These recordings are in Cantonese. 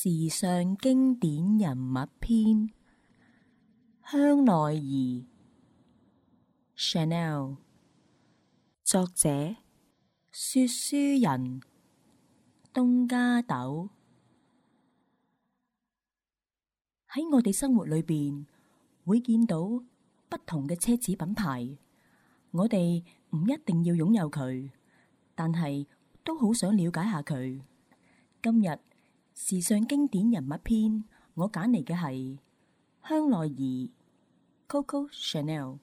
時尚經典人物篇，香奈兒 （Chanel）。作者：說書人東加豆。喺我哋生活裏邊，會見到不同嘅奢侈品牌。我哋唔一定要擁有佢，但係都好想了解下佢。今日。時尚經典人物篇，我揀嚟嘅係香奈兒 （Coco Chanel）。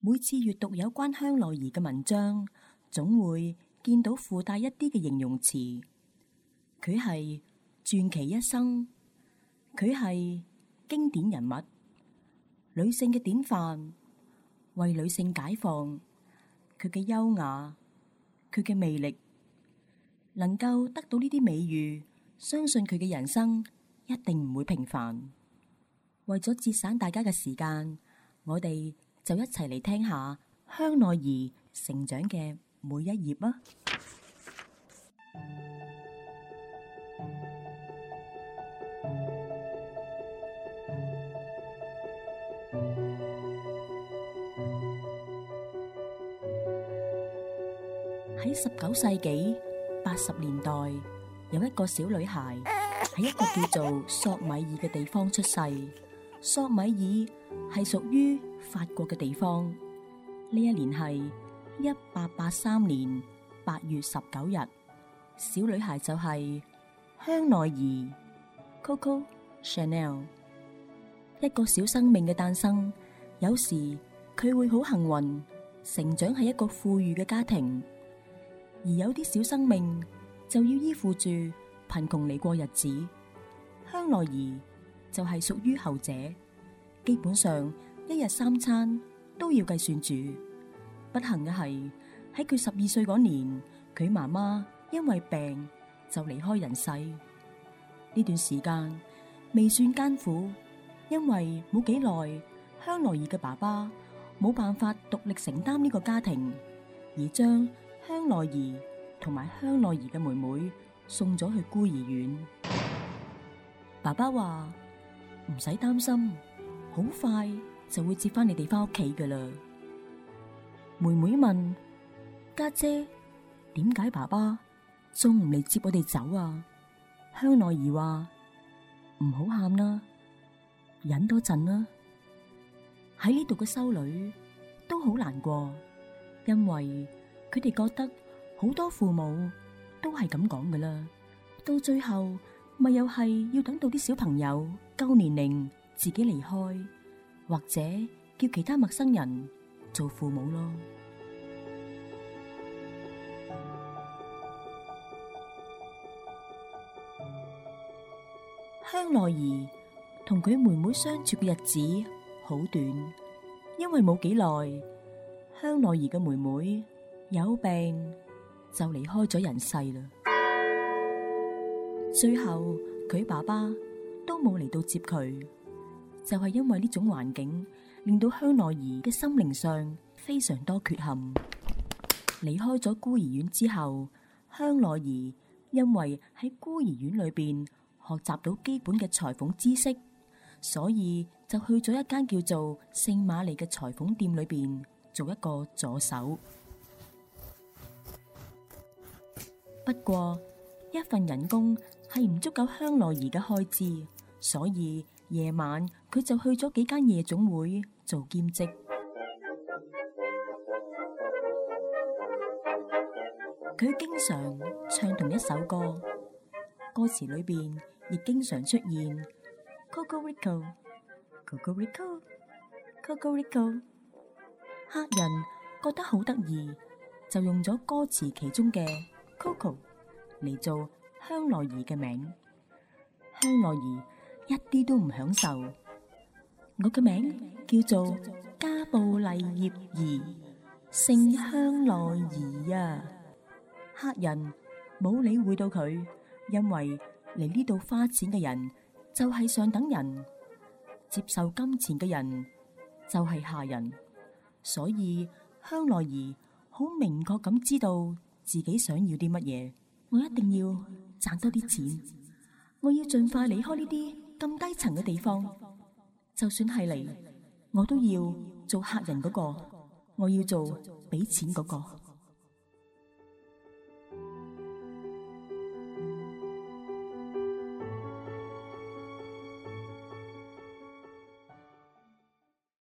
每次閱讀有關香奈兒嘅文章，總會見到附帶一啲嘅形容詞。佢係傳奇一生，佢係經典人物，女性嘅典範，為女性解放。佢嘅優雅，佢嘅魅力。能夠得到呢啲美譽，相信佢嘅人生一定唔會平凡。為咗節省大家嘅時間，我哋就一齊嚟聽下香奈兒成長嘅每一頁啊！喺十九世紀，八十年代有一個小女孩喺一個叫做索米爾嘅地方出世，索米爾係屬於法國嘅地方。呢一年係一八八三年八月十九日，小女孩就係香奈兒 Coco Chanel。一個小生命嘅誕生，有時佢會好幸運，成長喺一個富裕嘅家庭。而有啲小生命就要依附住貧窮嚟過日子，香奈兒就係屬於後者。基本上一日三餐都要計算住。不幸嘅係喺佢十二歲嗰年，佢媽媽因為病就離開人世。呢段時間未算艱苦，因為冇幾耐，香奈兒嘅爸爸冇辦法獨立承擔呢個家庭，而將，香奈兒同埋香奈兒嘅妹妹送咗去孤兒院。爸爸話唔使擔心，好快就會接翻你哋翻屋企㗎喇。妹妹問家姐點解爸爸仲唔嚟接我哋走啊？香奈兒話唔好喊啦，忍多陣啦。喺呢度嘅修女都好難過，因為。佢哋覺得好多父母都係咁講㗎啦，到最後咪又係要等到啲小朋友夠年齡自己離開，或者叫其他陌生人做父母咯。香奈兒同佢妹妹相處嘅日子好短，因為冇幾耐，香奈兒嘅妹妹。有病就離開咗人世啦。最後佢爸爸都冇嚟到接佢，就係因為呢種環境令到香奈兒嘅心靈上非常多缺陷。離開咗孤兒院之後，香奈兒因為喺孤兒院裏邊學習到基本嘅裁縫知識，所以就去咗一間叫做聖瑪麗嘅裁縫店裏邊做一個助手。不過一份人工係唔足夠香奈兒嘅開支，所以夜晚佢就去咗幾間夜總會做兼職。佢經常唱同一首歌，歌詞裏邊亦經常出現 Coco Rico、Coco Rico、Coco Rico。客人覺得好得意，就用咗歌詞其中嘅。Coco 嚟做香奈兒嘅名，香奈兒一啲都唔享受。我嘅名叫做加布麗葉兒，姓香奈兒啊。客人冇理會到佢，因為嚟呢度花錢嘅人就係上等人，接受金錢嘅人就係下人。所以香奈兒好明確咁知道，自己想要啲乜嘢？我一定要賺多啲錢，我要盡快離開呢啲咁低層嘅地方。就算係嚟，我都要做客人嗰個，我要做俾錢嗰個。